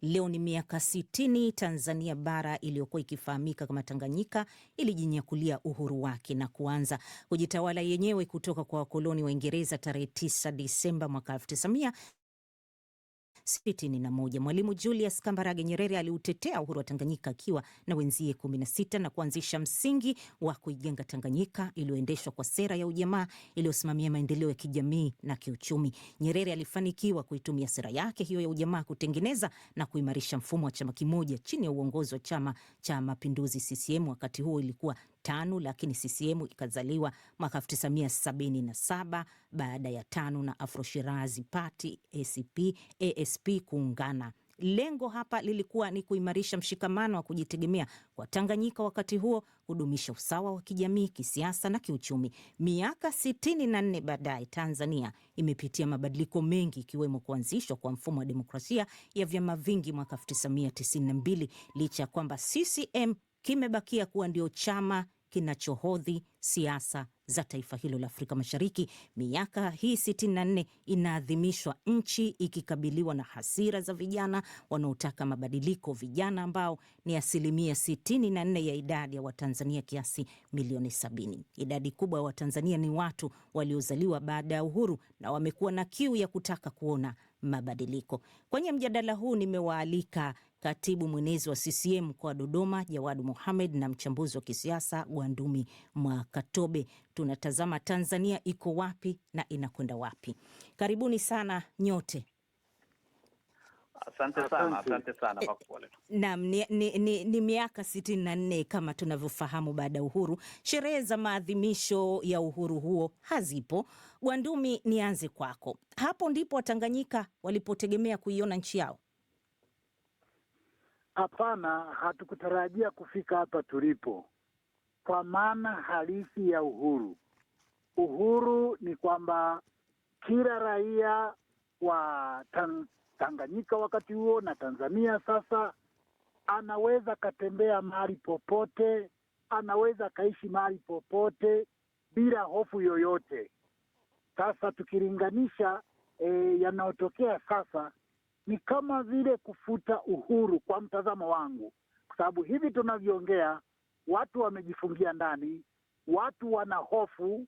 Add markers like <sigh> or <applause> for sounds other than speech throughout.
Leo ni miaka sitini Tanzania bara iliyokuwa ikifahamika kama Tanganyika ilijinyakulia uhuru wake na kuanza kujitawala yenyewe kutoka kwa wakoloni Waingereza tarehe 9 Disemba mwaka 1900 61. Mwalimu Julius Kambarage Nyerere aliutetea uhuru wa Tanganyika akiwa na wenzie 16 na kuanzisha msingi wa kuijenga Tanganyika iliyoendeshwa kwa sera ya ujamaa iliyosimamia maendeleo ya kijamii na kiuchumi. Nyerere alifanikiwa kuitumia sera yake hiyo ya ujamaa kutengeneza na kuimarisha mfumo wa chama kimoja chini ya uongozi wa Chama cha Mapinduzi CCM, wakati huo ilikuwa tano, lakini CCM ikazaliwa mwaka 1977 baada ya tano na Afro Shirazi Party ACP ASP kuungana. Lengo hapa lilikuwa ni kuimarisha mshikamano wa kujitegemea kwa Tanganyika wakati huo, kudumisha usawa wa kijamii, kisiasa na kiuchumi. Miaka sitini na nne baadaye, Tanzania imepitia mabadiliko mengi, ikiwemo kuanzishwa kwa mfumo wa demokrasia ya vyama vingi mwaka 1992 licha ya kwamba CCM kimebakia kuwa ndio chama kinachohodhi siasa za taifa hilo la Afrika Mashariki. Miaka hii 64 inaadhimishwa nchi ikikabiliwa na hasira za vijana wanaotaka mabadiliko, vijana ambao ni asilimia nne ya idadi ya Watanzania kiasi milioni sabini. Idadi kubwa ya Watanzania ni watu waliozaliwa baada ya uhuru na wamekuwa na kiu ya kutaka kuona mabadiliko. Kwenye mjadala huu nimewaalika katibu mwenezi wa CCM mkoa wa Dodoma Jawadu Mohamed na mchambuzi wa kisiasa Gwandumi Mwakatobe. Tunatazama Tanzania iko wapi na inakwenda wapi. Karibuni sana nyote. Asante sana, asante sana. Eh, naam, ni, ni, ni, ni miaka sitini na nne kama tunavyofahamu baada ya uhuru. Sherehe za maadhimisho ya uhuru huo hazipo. Gwandumi, nianze kwako. Hapo ndipo Watanganyika walipotegemea kuiona nchi yao? Hapana, hatukutarajia kufika hapa tulipo, kwa maana halisi ya uhuru. Uhuru ni kwamba kila raia wa tan Tanganyika wakati huo na Tanzania sasa anaweza akatembea mahali popote, anaweza akaishi mahali popote bila hofu yoyote. Sasa tukilinganisha e, yanayotokea sasa ni kama vile kufuta uhuru kwa mtazamo wangu, kwa sababu hivi tunavyoongea, watu wamejifungia ndani, watu wana hofu,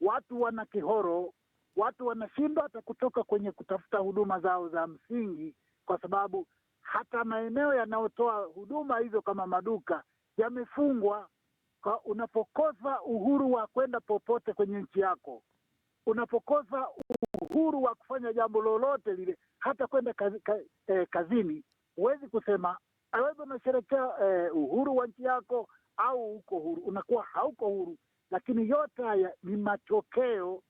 watu wana kihoro, watu wanashindwa hata kutoka kwenye kutafuta huduma zao za msingi, kwa sababu hata maeneo yanayotoa huduma hizo kama maduka yamefungwa. Unapokosa uhuru wa kwenda popote kwenye nchi yako, unapokosa uhuru wa kufanya jambo lolote lile, hata kwenda kazi, ka, eh, kazini huwezi kusema aweze unasherekea eh, uhuru wa nchi yako au uko huru, unakuwa hauko huru. Lakini yote haya ni matokeo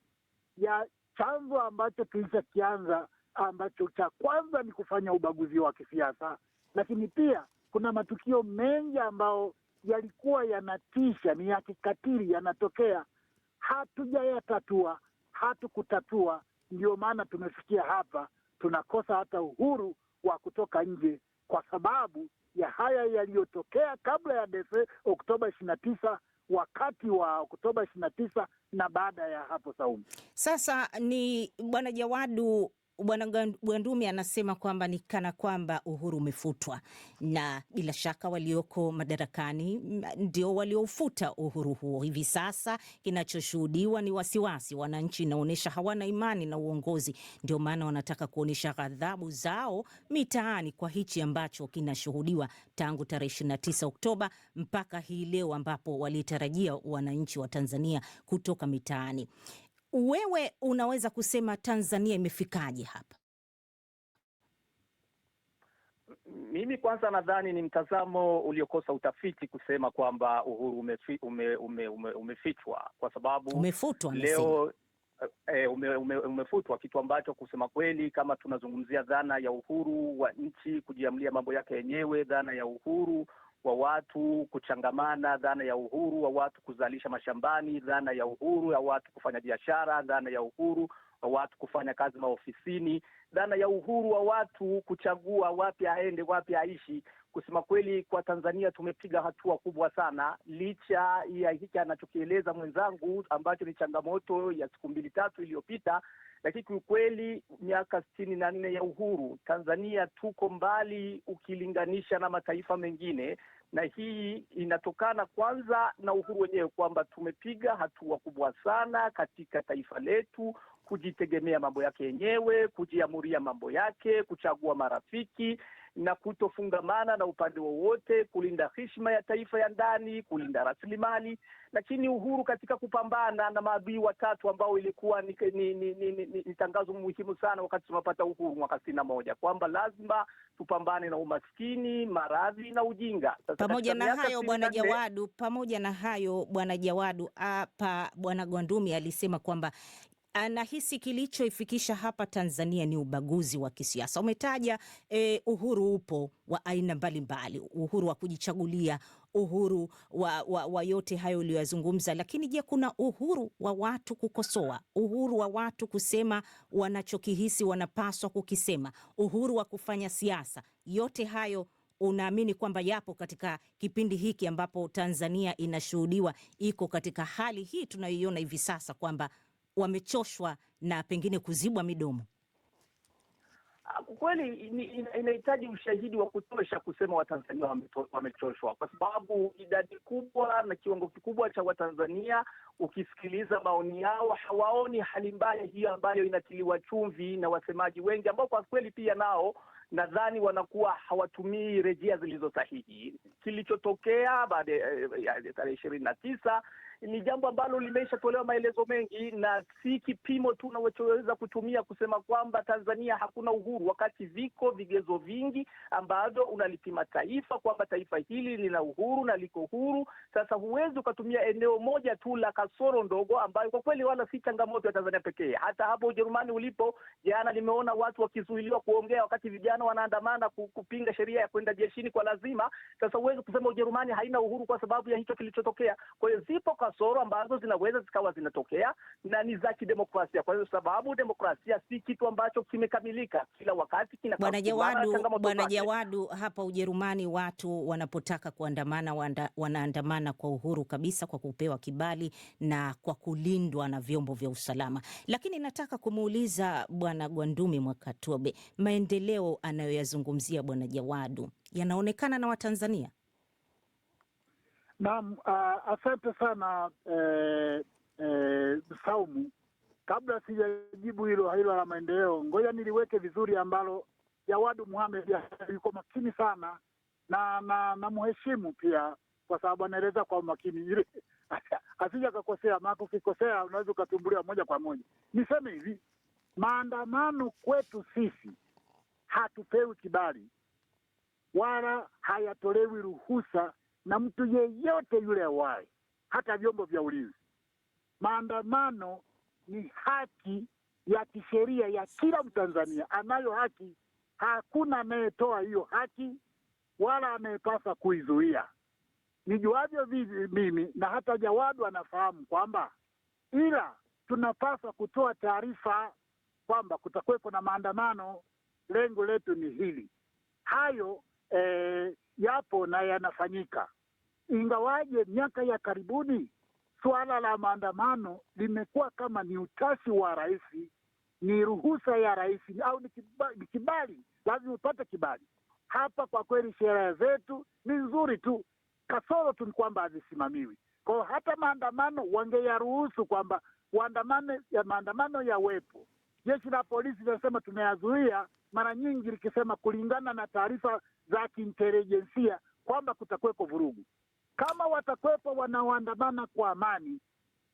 ya chanzo ambacho tulichokianza, ambacho cha kwanza ni kufanya ubaguzi wa kisiasa, lakini pia kuna matukio mengi ambayo yalikuwa yanatisha, ni ya kikatili, yanatokea, hatujayatatua, hatukutatua. Ndio maana tumefikia hapa tunakosa hata uhuru wa kutoka nje kwa sababu ya haya yaliyotokea kabla ya Oktoba ishirini na tisa wakati wa Oktoba ishirini na tisa na baada ya hapo Saumu. Sasa ni Bwana Jawadu, Bwana gwandumi anasema kwamba ni kana kwamba uhuru umefutwa, na bila shaka walioko madarakani ndio waliofuta uhuru huo. Hivi sasa kinachoshuhudiwa ni wasiwasi. Wananchi inaonyesha hawana imani na uongozi, ndio maana wanataka kuonyesha ghadhabu zao mitaani kwa hichi ambacho kinashuhudiwa tangu tarehe 29 Oktoba mpaka hii leo, ambapo walitarajia wananchi wa Tanzania kutoka mitaani wewe unaweza kusema Tanzania imefikaje hapa? Mimi kwanza nadhani ni mtazamo uliokosa utafiti kusema kwamba uhuru umefichwa ume, ume, ume, umefichwa kwa sababu umefutwa leo e, ume, ume, umefutwa, kitu ambacho kusema kweli, kama tunazungumzia dhana ya uhuru wa nchi kujiamulia mambo yake yenyewe, dhana ya uhuru wa watu kuchangamana, dhana ya uhuru wa watu kuzalisha mashambani, dhana ya uhuru ya watu kufanya biashara, dhana ya uhuru wa watu kufanya kazi maofisini, dhana ya uhuru wa watu kuchagua wapi aende, wapi aishi. Kusema kweli, kwa Tanzania tumepiga hatua kubwa sana, licha ya hiki anachokieleza mwenzangu ambacho ni changamoto ya siku mbili tatu iliyopita, lakini kiukweli, miaka sitini na nne ya uhuru Tanzania tuko mbali ukilinganisha na mataifa mengine, na hii inatokana kwanza na uhuru wenyewe, kwamba tumepiga hatua kubwa sana katika taifa letu kujitegemea mambo yake yenyewe, kujiamuria mambo yake, kuchagua marafiki na kutofungamana na upande wowote, kulinda heshima ya taifa ya ndani, kulinda rasilimali, lakini uhuru katika kupambana na maadui watatu ambao ilikuwa ni, ni, ni, ni, ni, ni tangazo muhimu sana wakati tunapata uhuru mwaka sitini na moja kwamba lazima tupambane na umaskini, maradhi na ujinga. Sasa pamoja na hayo bwana Jawadu, pamoja na hayo bwana Jawadu, hapa bwana Gwandumi alisema kwamba anahisi kilichoifikisha hapa Tanzania ni ubaguzi wa kisiasa. Umetaja e, uhuru upo wa aina mbalimbali, uhuru wa kujichagulia, uhuru wa, wa, wa yote hayo uliyoyazungumza, lakini je, kuna uhuru wa watu kukosoa, uhuru wa watu kusema wanachokihisi wanapaswa kukisema, uhuru wa kufanya siasa? Yote hayo unaamini kwamba yapo katika kipindi hiki ambapo Tanzania inashuhudiwa iko katika hali hii tunayoiona hivi sasa kwamba wamechoshwa na pengine kuzibwa midomo? Ah, kweli inahitaji ushahidi wa kutosha kusema Watanzania wamechoshwa, kwa sababu idadi kubwa na kiwango kikubwa cha Watanzania, ukisikiliza maoni yao, hawaoni hali mbaya hiyo ambayo inatiliwa chumvi na wasemaji wengi ambao kwa kweli pia nao nadhani wanakuwa hawatumii rejea zilizo sahihi. Kilichotokea baada ya tarehe ishirini na tisa ni jambo ambalo tolewa maelezo mengi, na si kipimo tu unachoweza kutumia kusema kwamba Tanzania hakuna uhuru, wakati viko vigezo vingi ambavyo unalipima taifa kwamba taifa hili lina uhuru na liko huru. Sasa huwezi ukatumia eneo moja tu la kasoro ndogo, ambayo kwa kweli wala si changamoto ya Tanzania pekee. Hata hapo Ujerumani ulipo, jana nimeona watu wakizuiliwa kuongea wakati vijana wanaandamana kupinga sheria ya kwenda jeshini kwa lazima. Sasa huwezi kusema Ujerumani haina uhuru kwa sababu ya hicho kilichotokea. Kwa hiyo zipo kasoro ambazo zinaweza zikawa zinatokea na ni za kidemokrasia, kwa sababu demokrasia si kitu ambacho kimekamilika kila wakati. Bwana Jawadu, Bwana Jawadu, hapa Ujerumani watu wanapotaka kuandamana wanda, wanaandamana kwa uhuru kabisa kwa kupewa kibali na kwa kulindwa na vyombo vya usalama, lakini nataka kumuuliza Bwana Gwandumi Mwakatobe, maendeleo anayoyazungumzia Bwana Jawadu yanaonekana na Watanzania? Naam, uh, asante sana eh, eh, Saumu. Kabla sijajibu hilo hilo la maendeleo, ngoja niliweke vizuri ambalo Jawadu Muhamed yuko makini sana na na, na mheshimu pia, kwa sababu anaeleza kwa makini ile <laughs> asija kakosea, maana ukikosea unaweza ukatumbuliwa moja kwa moja. Niseme hivi, maandamano kwetu sisi hatupewi kibali wala hayatolewi ruhusa na mtu yeyote yule awaye, hata vyombo vya ulinzi. Maandamano ni haki ya kisheria ya kila Mtanzania, anayo haki. Hakuna anayetoa hiyo haki wala anayepasa kuizuia. Nijuavyo mimi na hata Jawadu anafahamu kwamba, ila tunapaswa kutoa taarifa kwamba kutakuwepo na maandamano, lengo letu ni hili. Hayo e, yapo na yanafanyika ingawaje miaka ya karibuni suala la maandamano limekuwa kama ni utashi wa rais, ni ruhusa ya rais au ni kibali, kibali. Lazima upate kibali hapa. Kwa kweli sheria zetu ni nzuri tu, kasoro tu ni kwamba hazisimamiwi. Kwa hata maandamano wangeyaruhusu kwamba maandamano ya maandamano yawepo. Jeshi la polisi linasema tumeyazuia, mara nyingi likisema kulingana na taarifa za kiintelijensia kwamba kutakuweko vurugu. Kama watakwepa wanaoandamana kwa amani,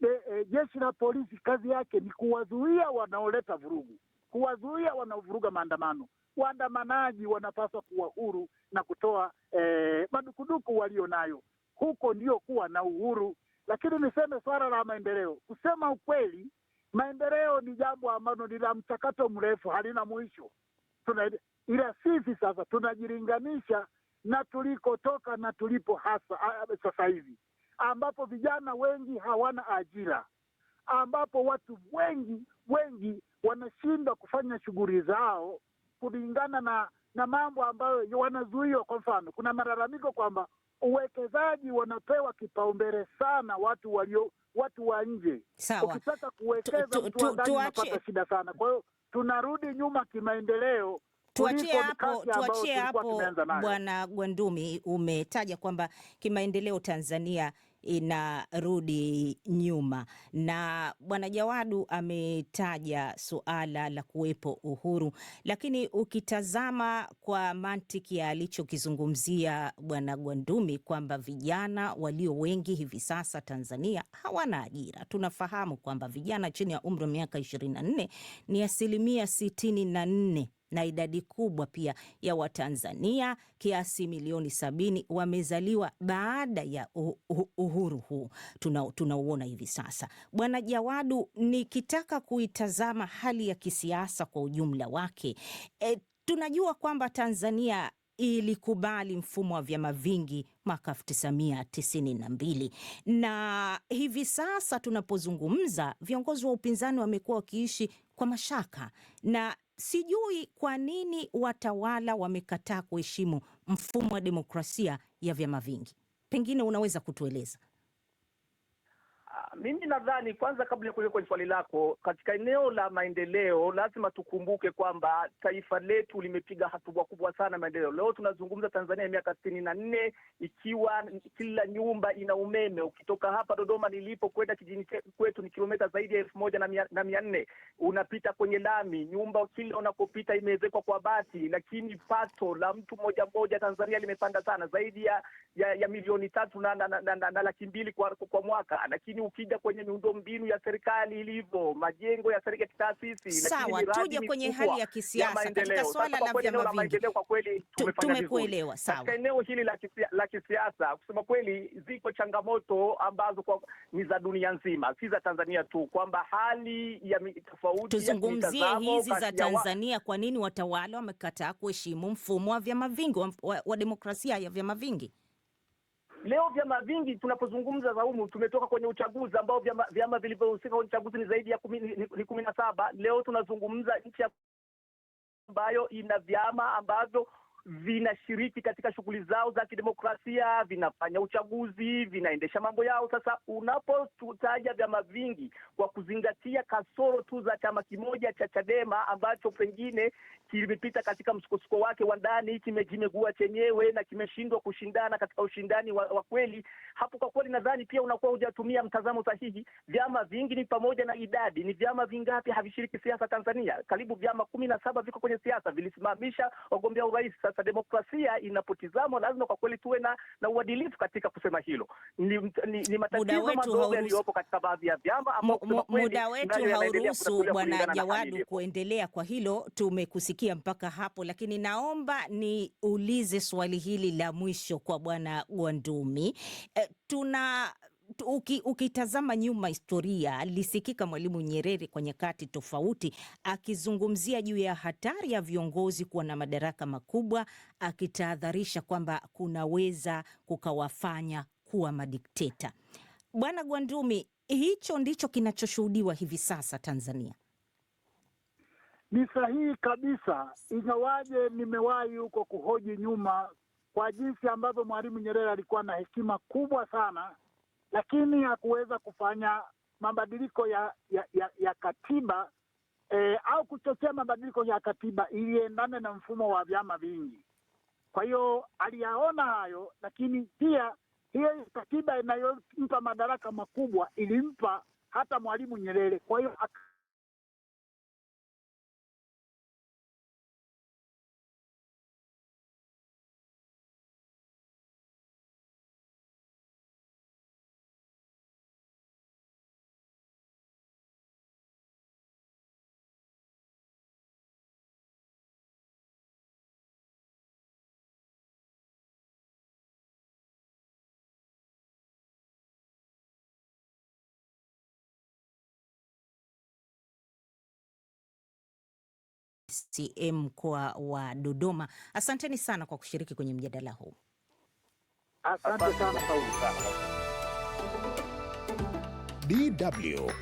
e, e, jeshi la polisi kazi yake ni kuwazuia wanaoleta vurugu, kuwazuia wanaovuruga maandamano. Waandamanaji wanapaswa kuwa huru na kutoa e, madukuduku walio nayo, huko ndio kuwa na uhuru. Lakini niseme swala la maendeleo, kusema ukweli, maendeleo ni jambo ambalo ni la mchakato mrefu, halina mwisho. Tuna ila sisi sasa tunajilinganisha na tulikotoka na tulipo hasa sasa hivi, ambapo vijana wengi hawana ajira, ambapo watu wengi wengi wanashindwa kufanya shughuli zao kulingana na na mambo ambayo wanazuiwa. Kwa mfano, kuna malalamiko kwamba uwekezaji wanapewa kipaumbele sana watu walio watu wa nje. Ukitaka kuwekeza mtu wa ndani unapata shida sana, kwa hiyo tunarudi nyuma kimaendeleo Tuachie hapo, tuachie hapo Bwana Gwandumi, umetaja kwamba kimaendeleo Tanzania inarudi nyuma. Na Bwana Jawadu ametaja suala la kuwepo uhuru, lakini ukitazama kwa mantiki ya alichokizungumzia Bwana Gwandumi kwamba vijana walio wengi hivi sasa Tanzania hawana ajira. Tunafahamu kwamba vijana chini ya umri wa miaka 24 ni asilimia 64 na idadi kubwa pia ya Watanzania kiasi milioni sabini wamezaliwa baada ya uhuru uhuru huu tunauona hivi sasa. Bwana Jawadu, nikitaka kuitazama hali ya kisiasa kwa ujumla wake, e, tunajua kwamba Tanzania ilikubali mfumo wa vyama vingi mwaka 1992 na hivi sasa tunapozungumza, viongozi wa upinzani wamekuwa wakiishi kwa mashaka na sijui kwa nini watawala wamekataa kuheshimu mfumo wa demokrasia ya vyama vingi pengine unaweza kutueleza? Ah, mimi nadhani kwanza, kabla ya kuja kwenye swali lako, katika eneo la maendeleo lazima tukumbuke kwamba taifa letu limepiga hatua kubwa sana maendeleo. Leo tunazungumza Tanzania ya miaka sitini na nne ikiwa kila nyumba ina umeme. Ukitoka hapa Dodoma nilipo kwenda kijini kwetu ni kilometa zaidi ya elfu moja na mia nne unapita kwenye lami, nyumba kila unakopita imewezekwa kwa bati, lakini pato la mtu mmoja mmoja Tanzania limepanda sana zaidi ya ya, ya milioni tatu na, na, na, na, na, na laki mbili kwa, kwa mwaka lakini ukija kwenye miundo mbinu ya serikali ilivyo, majengo ya serikali ya kitaasisi. Sawa, tuje kwenye hali ya kisiasa katika swala la vyama vingi. Kwa kweli tumekuelewa. Sawa, katika eneo hili la kisiasa, la kisiasa, kusema kweli, ziko changamoto ambazo kwa ni za dunia nzima, si za Tanzania tu, kwamba hali ya tofauti. Tuzungumzie hizi za Tanzania, kwa nini watawala wamekataa kuheshimu mfumo wa vyama vingi wa, wa, wa demokrasia ya vyama vingi? Leo vyama vingi tunapozungumza za humu, tumetoka kwenye uchaguzi ambao vyama, vyama vilivyohusika kwenye uchaguzi ni zaidi ya kumi, ni, ni kumi na saba. Leo tunazungumza nchi ambayo ina vyama ambavyo vinashiriki katika shughuli zao za kidemokrasia, vinafanya uchaguzi, vinaendesha mambo yao. Sasa unapotutaja vyama vingi kwa kuzingatia kasoro tu za chama kimoja cha Chadema ambacho pengine kimepita katika msukosuko wake wa ndani, kimejimegua chenyewe na kimeshindwa kushindana katika ushindani wa, wa kweli. Hapo kwa kweli nadhani pia unakuwa hujatumia mtazamo sahihi. Vyama vingi ni pamoja na idadi, ni vyama vingapi havishiriki siasa Tanzania? Karibu vyama kumi na saba viko kwenye siasa, vilisimamisha wagombea urais. Sasa demokrasia inapotizamwa, lazima kwa kweli tuwe na, na uadilifu katika kusema hilo. Ni, ni, ni matatizo madogo yaliyopo katika baadhi ya vyama ambao muda wetu hauruhusu Bwana Jawadu kuendelea kwa hilo. Tumekusikia kufikia mpaka hapo, lakini naomba niulize swali hili la mwisho kwa bwana Gwandumi. E, eh, tuna Uki, ukitazama nyuma historia, alisikika Mwalimu Nyerere kwa nyakati tofauti akizungumzia juu ya hatari ya viongozi kuwa na madaraka makubwa, akitahadharisha kwamba kunaweza kukawafanya kuwa madikteta. Bwana Gwandumi, hicho ndicho kinachoshuhudiwa hivi sasa Tanzania. Ni sahihi kabisa, ingawaje nimewahi huko kuhoji nyuma kwa jinsi ambavyo Mwalimu Nyerere alikuwa na hekima kubwa sana, lakini hakuweza kufanya mabadiliko ya, ya, ya, ya katiba eh, au kuchochea mabadiliko ya katiba iliendane na mfumo wa vyama vingi. Kwa hiyo aliyaona hayo, lakini pia hiyo katiba inayompa madaraka makubwa ilimpa hata Mwalimu Nyerere, kwa hiyo CCM mkoa wa Dodoma. Asanteni sana kwa kushiriki kwenye mjadala huu. Asante sana. DW